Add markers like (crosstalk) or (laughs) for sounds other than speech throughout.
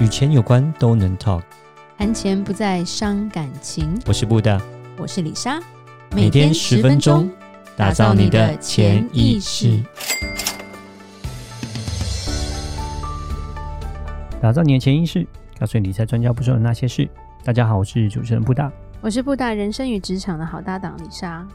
與錢有關都能 talk，談錢不再傷感情。我是布大，我是里莎，每天十分鐘，打造你的潛意識，打造你的潛意，意識，告訴你理財專家不說的那些事。大家好，我是主持人布大，我是布大，人生與職場的好搭檔里莎。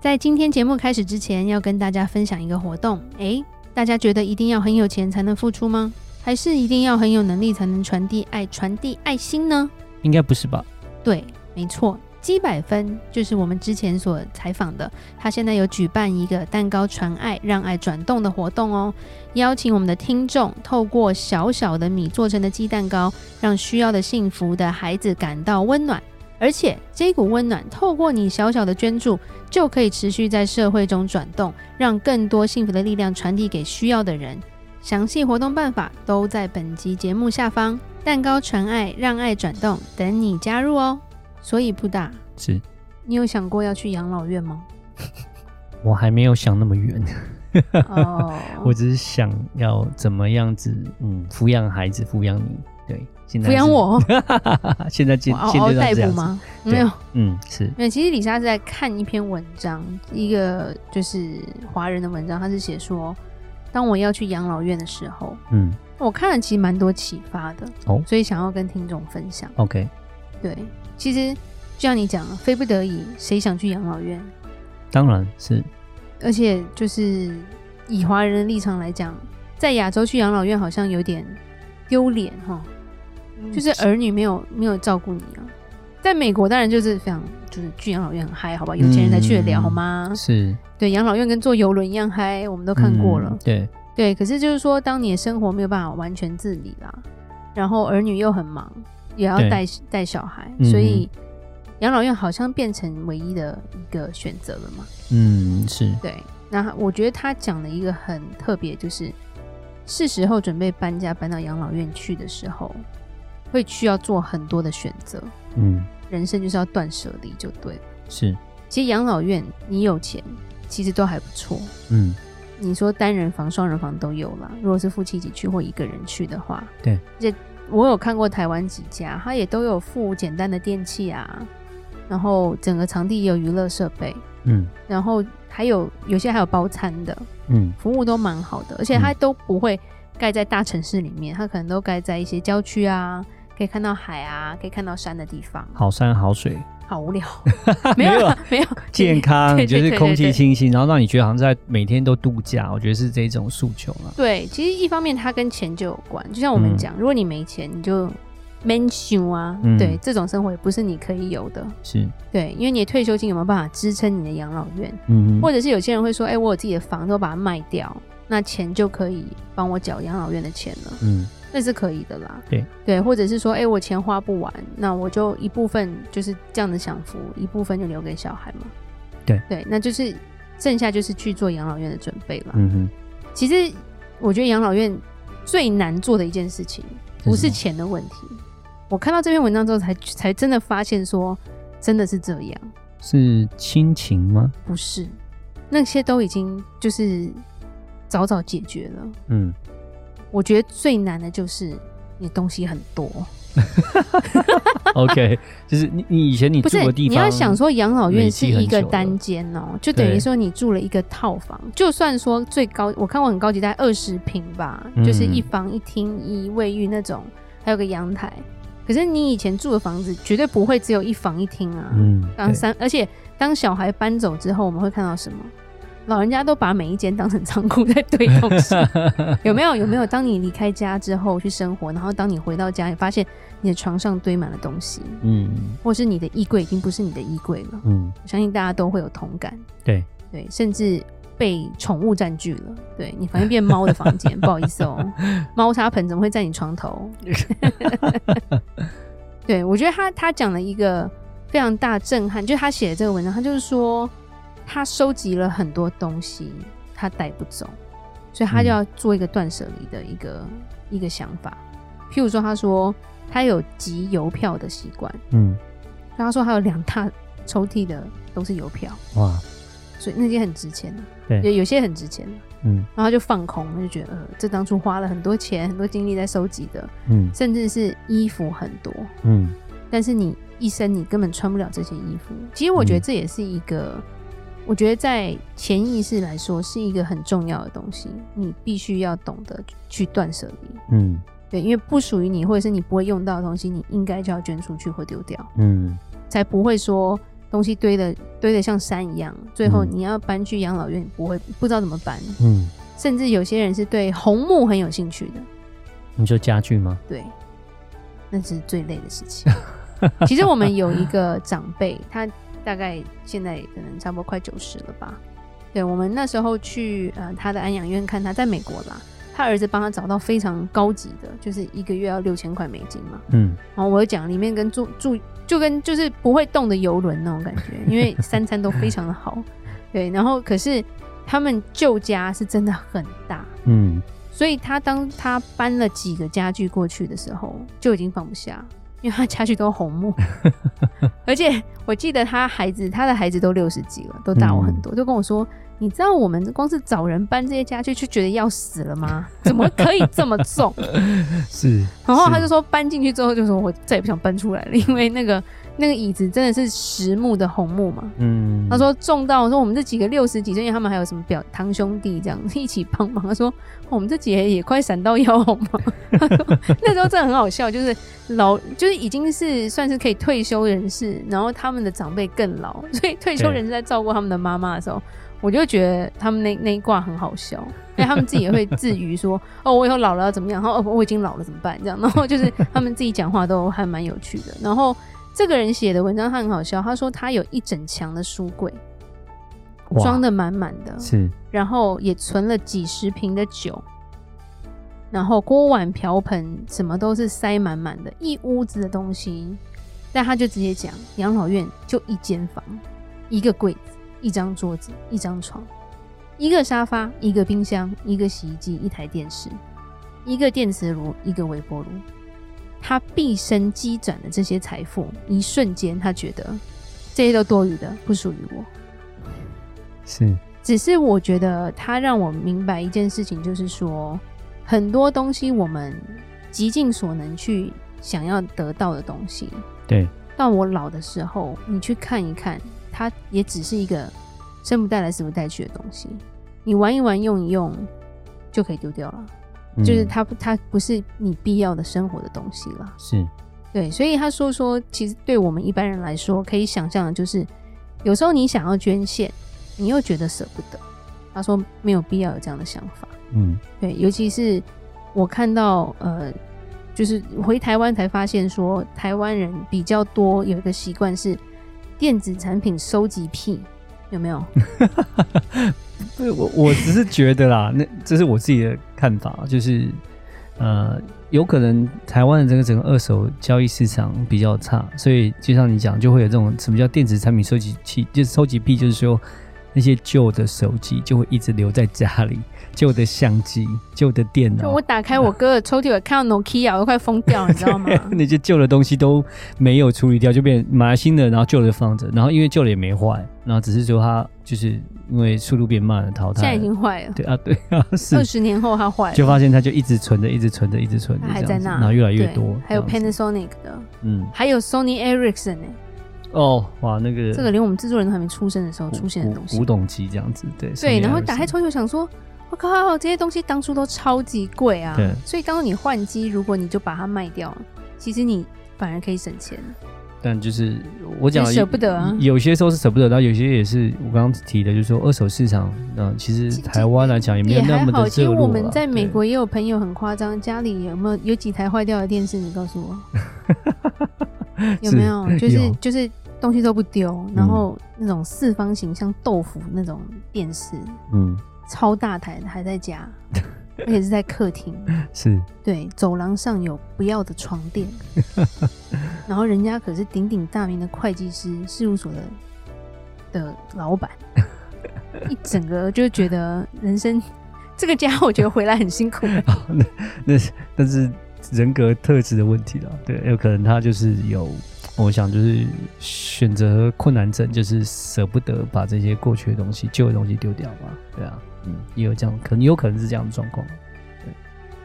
在今天節目開始之前，要跟大家分享一個活動。哎、欸，大家覺得一定要很有錢才能付出嗎？還是一定要很有能力才能傳遞愛、傳遞愛心呢？應該不是吧？對，沒錯，雞百分就是我們之前所採訪的。他現在有舉辦一個蛋糕傳愛、讓愛轉動的活動哦、喔，邀請我們的聽眾透過小小的米做成的雞蛋糕，讓需要的幸福的孩子感到溫暖。而且，這股溫暖透過你小小的捐助，就可以持續在社會中轉動，讓更多幸福的力量傳遞給需要的人。詳細活動辦法都在本集節目下方。蛋糕傳愛，讓愛轉動，等你加入哦。所以布大是，你有想過要去養老院嗎？我還沒有想那麼遠 (laughs) 哦，我只是想要怎麼樣子，嗯，撫養孩子，撫養你，對，現在撫養我， (laughs) 現在進，好好代步嗎？沒有，嗯，是。其實里莎是在看一篇文章，一個就是華人的文章，他是寫說。當我要去養老院的時候，嗯，我看了其實蠻多啟發的，哦，所以想要跟聽眾分享。OK，對，其實就像你講，非不得已，誰想去養老院？當然是。而且就是以華人的立場來講，在亞洲去養老院好像有點丟臉哈，就是兒女沒有沒有照顧你啊。在美國，當然就是非常就是去養老院很嗨，好吧？有錢人才去得了，好嗎？嗯、是對，養老院跟坐遊輪一樣嗨，我們都看過了。嗯、對對，可是就是說，當你的生活沒有辦法完全自理啦，然後兒女又很忙，也要帶帶小孩，所以養、嗯、老院好像變成唯一的一個選擇了嘛。嗯，是對。那我覺得他講的一個很特別，就是是時候準備搬家搬到養老院去的時候，會需要做很多的選擇，嗯，人生就是要斷捨離，就對了。是，其實養老院你有錢，其實都還不錯，嗯。你說單人房、雙人房都有了。如果是夫妻一起去或一個人去的話，對。而且我有看過台灣幾家，它也都有附簡單的電器啊，然後整個場地也有娛樂設備，嗯。然後還有有些還有包餐的，嗯，服務都蠻好的，而且它都不會蓋在大城市裡面，它可能都蓋在一些郊區啊。可以看到海啊，可以看到山的地方，好山好水，好無聊。 (laughs) 沒有、啊、沒有 (laughs) 健康對對對對對對，就是空氣清新，然後讓你覺得好像在每天都度假。我覺得是這一種訴求了。對，其實一方面它跟錢就有關，就像我們講、嗯，如果你沒錢，你就免想啊、嗯。對，這種生活也不是你可以有的。是，對，因為你的退休金有沒有辦法支撐你的養老院？嗯，或者是有些人會說，哎、欸，我有自己的房子，我把它賣掉，那錢就可以幫我繳養老院的錢了。嗯。那是可以的啦，對對，或者是說，哎、欸，我錢花不完，那我就一部分就是這樣的享福，一部分就留給小孩嘛。對對，那就是剩下就是去做養老院的準備了。嗯哼，其實我覺得養老院最難做的一件事情不是錢的問題。我看到這篇文章之後才，才才真的發現說，真的是這樣。是親情嗎？不是，那些都已經就是早早解決了。嗯。我覺得最難的就是你東西很多。 (laughs) (laughs) OK，就是你你以前你住的地方，不是，你要想說養老院是一個單間哦、喔，就等於說你住了一個套房。就算說最高，我看過很高級，大概二十坪吧、嗯，就是一房一廳一衛浴那種，還有個陽台。可是你以前住的房子絕對不會只有一房一廳啊。嗯。當三，而且當小孩搬走之後，我們會看到什麼？老人家都把每一間當成倉庫在堆東西， (laughs) 有沒有？有沒有？當你離開家之後去生活，然後當你回到家，你發現你的床上堆滿了東西，嗯，或是你的衣櫃已經不是你的衣櫃了，嗯，我相信大家都會有同感，對對，甚至被寵物占據了，對，你反正變貓的房間， (laughs) 不好意思哦、喔，貓砂盆怎麼會在你床頭？ (laughs) 對，我覺得他他講了一個非常大震撼，就是他寫的這個文章，他就是說。他收集了很多東西，他帶不走，所以他就要做一個斷舍離的一個、嗯、一個想法。譬如說，他說他有集郵票的習慣，嗯，他說他有兩大抽屜的都是郵票，哇，所以那些很值錢的、啊，對，有些很值錢的、啊，嗯，然後他就放空，就覺得、呃、這當初花了很多錢、很多精力在收集的，嗯，甚至是衣服很多，嗯，但是你一生你根本穿不了這些衣服。其實我覺得這也是一個。我覺得在潛意識來說是一個很重要的東西，你必須要懂得去斷捨離。嗯，對，因為不屬於你或者是你不會用到的東西，你應該就要捐出去或丟掉。嗯，才不會說東西堆得堆得像山一樣，最後你要搬去養老院，嗯，你不會不知道怎麼搬。嗯，甚至有些人是對紅木很有興趣的，你說家具嗎？對，那是最累的事情。 (laughs) 其實我們有一個長輩，他。大概現在可能差不多快九十了吧？對，我們那時候去呃他的安養院看他，在美國啦，他兒子幫他找到非常高級的，就是一個月要六千塊美金嘛。嗯，然後我就講裡面跟住住就跟就是不會動的遊輪那種感覺，因為三餐都非常的好。 (laughs) 對，然後可是他們舊家是真的很大，嗯，所以他當他搬了幾個家具過去的時候就已經放不下。因為他家具都紅木， (laughs) 而且我記得他孩子，他的孩子都六十幾了，都大我很多，嗯，就跟我說：“你知道我們光是找人搬這些家具就覺得要死了嗎？怎麼可以這麼重？” (laughs) 是，然後他就說搬進去之後，就說：“我再也不想搬出來了，因為那個。”那個椅子真的是實木的紅木嘛？嗯，他說重到說，我們這幾個六十幾歲，因為他們還有什麼表堂兄弟這樣一起幫忙。他說、哦、我們這幾個也快閃到腰好嗎？他說那時候真的很好笑，就是老就是已經是算是可以退休人士，然後他們的長輩更老，所以退休人士在照顧他們的媽媽的時候，我就覺得他們那那一卦很好笑，因為他們自己也會自娛說哦，我以後老了要怎麼樣？然後、哦、我已經老了怎麼辦？這樣，然後就是他們自己講話都還蠻有趣的，然後。這個人寫的文章他很好笑，他說他有一整牆的書櫃，裝得滿滿的，然後也存了幾十瓶的酒，然後鍋碗瓢盆什麼都是塞滿滿的，一屋子的東西，但他就直接講，養老院就一間房，一個櫃子，一張桌子，一張床，一張床，一個沙發，一個冰箱，一個洗衣機，一台電視，一個電磁爐，一個微波爐。他畢生積攢的這些財富，一瞬間他覺得這些都多餘的，不屬於我。是，只是我覺得他讓我明白一件事情，就是說，很多東西我們極盡所能去想要得到的東西，對，到我老的時候，你去看一看，它也只是一個生不帶來死不帶去的東西，你玩一玩，用一用，就可以丟掉了。就是他，他不是你必要的生活的東西了。是，對，所以他說說，其實對我們一般人來說，可以想象的就是，有時候你想要捐獻，你又覺得捨不得。他說沒有必要有這樣的想法。嗯，對，尤其是我看到呃，就是回台灣才發現說，台灣人比較多有一個習慣是電子產品收集癖。有沒有？ (laughs) 對，我我只是覺得啦，那這是我自己的看法，就是呃，有可能台灣的整個整個二手交易市場比較差，所以就像你講，就會有這種什麼叫電子產品收集器，就收集幣，就是說。那些舊的手機就會一直留在家裡，舊的相機、舊的電腦。我打開我哥的抽屜，我 (laughs) 看到 Nokia，我都快瘋掉，你知道嗎 (laughs) 那些舊的東西都沒有處理掉，就變買了新的，然後舊的放着，然後因為舊的也沒壞，然後只是說他就是因為速度變慢了，淘汰。現在已經壞了。對啊，對啊，是。二十年後他壞了，就發現他就一直存着，一直存着，一直存着，還在那，然後越來越多。還有 Panasonic 的，嗯，還有 Sony Ericsson 哦、oh，哇，那個這個連我們製作人都還沒出生的時候出現的東西，古、古董機這樣子，對對，然後打開抽屜想說，我靠好，這些東西當初都超級貴啊，對，所以當時你換機，如果你就把它賣掉，其實你反而可以省錢。但就是我講捨不得啊，有、有些時候是捨不得，但有些也是我剛剛提的，就是說二手市場，嗯，其實台灣來講也沒有那麼的、啊、也還好。熱絡。其實我們在美國也有朋友很誇張，家裡有沒有有幾台壞掉的電視？你告訴我。 (laughs) 有沒有？是就是就是東西都不丟，然後那種四方形像豆腐那種電視，嗯，超大台的還在家， (laughs) 而且是在客廳。是。對，走廊上有不要的床墊， (laughs) 然後人家可是鼎鼎大名的會計師事務所的的老闆， (laughs) 一整個就覺得人生 (laughs) 這個家，我覺得回來很辛苦 (laughs) 好。那 (laughs) 那但是。人格特質的問題了，對，有可能他就是有，我想就是選擇困難症，就是捨不得把這些過去的東西、舊的東西丟掉嘛，對啊，嗯，也有這樣，可能有可能是這樣的狀況，對。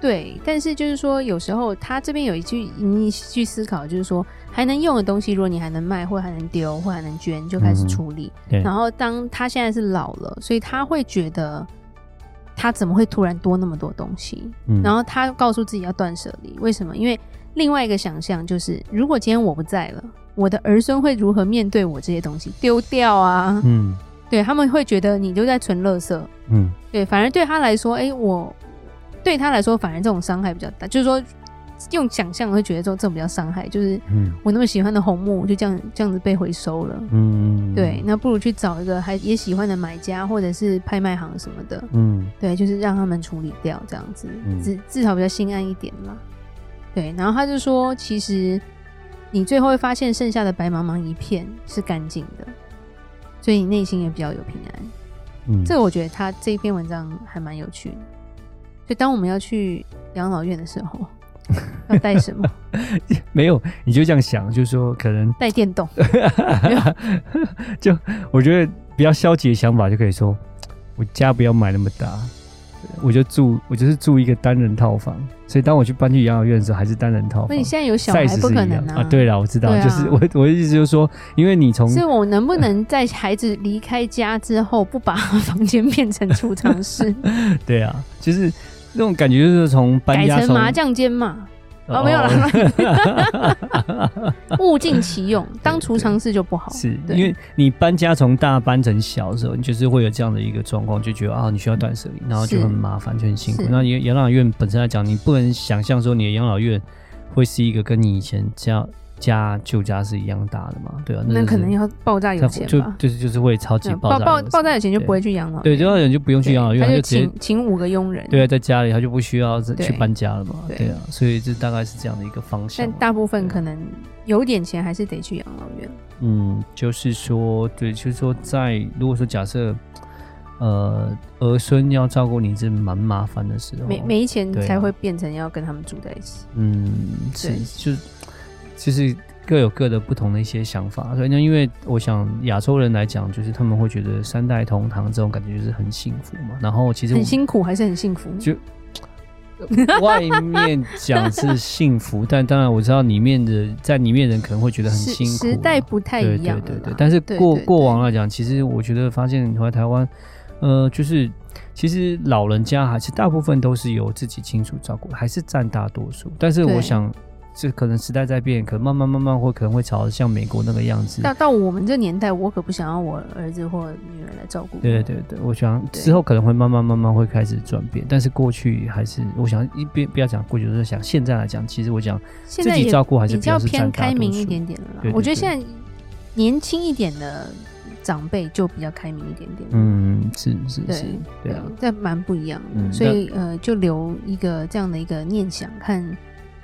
對，但是就是說，有時候他這邊有一句，你去思考，就是說還能用的東西，如果你還能賣，或還能丟，或還能捐，就開始處理。嗯，對。然後，當他現在是老了，所以他會覺得。他怎麼會突然多那麼多東西？然後他告訴自己要斷捨離，嗯、為什麼？因為另外一個想象就是，如果今天我不在了，我的兒孫會如何面對我這些東西？丟掉啊，嗯對，對他們會覺得你就在存垃圾，嗯，對，反而對他來說，哎、欸，我對他來說，反而這種傷害比較大，就是說。用想象我會覺得說這種比較傷害，就是我那麼喜歡的紅木就這樣這樣子被回收了，嗯，對，那不如去找一個還也喜歡的買家或者是拍賣行什麼的，嗯，對，就是讓他們處理掉這樣子，至至少比較心安一點嘛，對。然後他就說，其實你最後會發現剩下的白茫茫一片是乾淨的，所以你內心也比較有平安。嗯，這個我覺得他這一篇文章還蠻有趣的。所以當我們要去養老院的時候。要帶什麼？ (laughs) 沒有，你就這樣想，就是說可能帶電動。 (laughs) (laughs) 就我覺得比較消極的想法，就可以說我家不要買那麼大，我就住，我就是住一個單人套房。所以當我去搬去養老院的時候，還是單人套房。那你現在有小孩？不可能啊。能啊啊對了，我知道，啊、就是我我的意思就是說，因為你從是我能不能在孩子離開家之後，不把房間變成儲藏室？ (laughs) 對啊，就是。那種感覺就是從搬家改成麻將間嘛哦，哦，沒有啦， (laughs) (laughs) 物盡其用，當儲藏室就不好。對對對是對，因為你搬家從大搬成小的時候，你就是會有這樣的一個狀況，就覺得啊，你需要斷舍離，然後就很麻煩，就很辛苦。那養老院本身來講，你不能想象說你的養老院會是一個跟你以前這樣。家舊家是一樣大的嘛，對啊。那、就是、那可能要爆炸有錢就就是就是會超級爆炸有錢、嗯、爆爆、爆炸有錢就不會去養老院。對，對，就有人就不用去養老院，他就請請五個傭人。對啊，在家裡他就不需要再去搬家了嘛，對啊，所以這大概是這樣的一個方式，但大部分可能有點錢還是得去養老院。嗯，就是說，對，就是說在，在如果說假設，呃，兒孫要照顧你這，是蠻麻煩的事。沒沒錢、啊、才會變成要跟他們住在一起。嗯，對，是就。就是各有各的不同的一些想法，所以呢，因為我想亞洲人來講，就是他們會覺得三代同堂這種感覺就是很幸福嘛。然後其實我很辛苦還是很幸福，就、呃、外面講是幸福， (laughs) 但當然我知道裡面的在裡面的人可能會覺得很辛苦時，時代不太一樣對對對。對對對，但是過對對對過往來講，其實我覺得發現你回台灣，呃，就是其實老人家還是大部分都是由自己親屬照顧，還是占大多數。但是我想。是可能時代在變，可能慢慢慢慢會可能會朝像美國那個樣子。那到，到我們這年代，我可不想要我兒子或女兒來照顧。對對對，我想之後可能會慢慢慢慢會開始轉變，但是過去還是我想一邊不要講過去，就是想現在來講，其實我想自己照顧還是比較是偏開明一點點的啦。我覺得現在年輕一點的長輩就比較開明一點點的。嗯，是是是，對，對啊這蠻不一樣的。嗯、所以呃，就留一個這樣的一個念想看。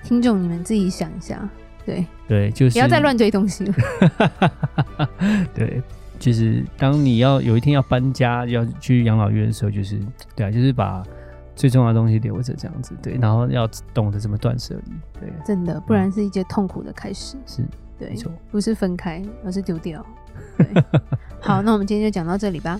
聽眾，你們自己想一下，對對，就是不要再亂堆東西了。 (laughs) 對，就是當你要有一天要搬家，要去養老院的時候，就是對啊，就是把最重要的東西留着這樣子。對，然後要懂得怎麼斷捨離。對，真的，不然是一些痛苦的開始。嗯、是，對，不是分開，而是丟掉。對， (laughs) 好，那我們今天就講到這裡吧。